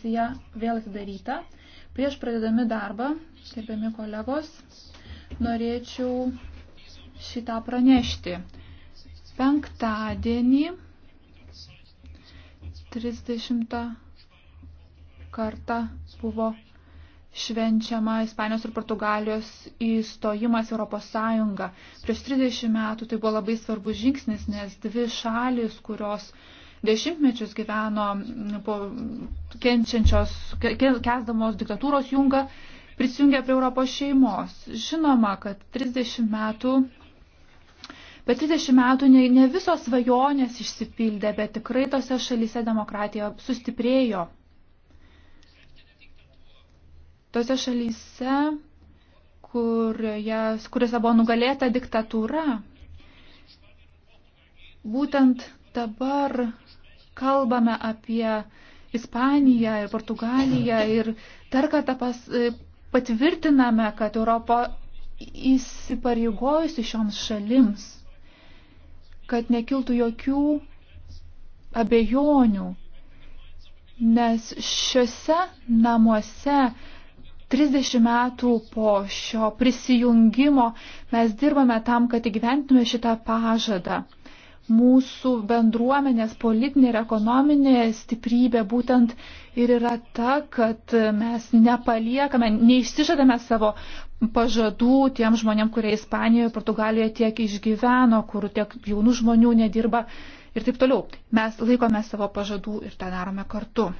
Sesija vėl atidaryta. Prieš pradedami darbą, gerbiami kolegos, norėčiau šitą pranešti. Penktadienį 30 kartą buvo švenčiama Ispanijos ir Portugalijos įstojimas Europos Sąjunga. Prieš 30 metų tai buvo labai svarbus žingsnis, nes dvi šalis, kurios uh, dešimtmečius gyveno po kenčiančios, kesdamos diktatūros jungą, prisijungė prie Europos šeimos. Žinoma, kad 30 metų, per 30 metų ne, ne visos svajonės išsipildė, bet tikrai tose šalyse demokratija sustiprėjo. Tose šalyse, kurioje, kuriuose buvo nugalėta diktatūra, būtent dabar kalbame apie Ispaniją ir Portugaliją ir dar kartą pas, e, patvirtiname, kad Europa įsipareigojusi šioms šalims, kad nekiltų jokių abejonių, nes šiuose namuose 30 metų po šio prisijungimo mes dirbame tam, kad įgyventume šitą pažadą mūsų bendruomenės politinė ir ekonominė stiprybė būtent ir yra ta, kad mes nepaliekame, neišsižadame savo pažadų tiem žmonėm, kurie Ispanijoje, Portugalijoje tiek išgyveno, kur tiek jaunų žmonių nedirba ir taip toliau. Mes laikome savo pažadų ir tą darome kartu.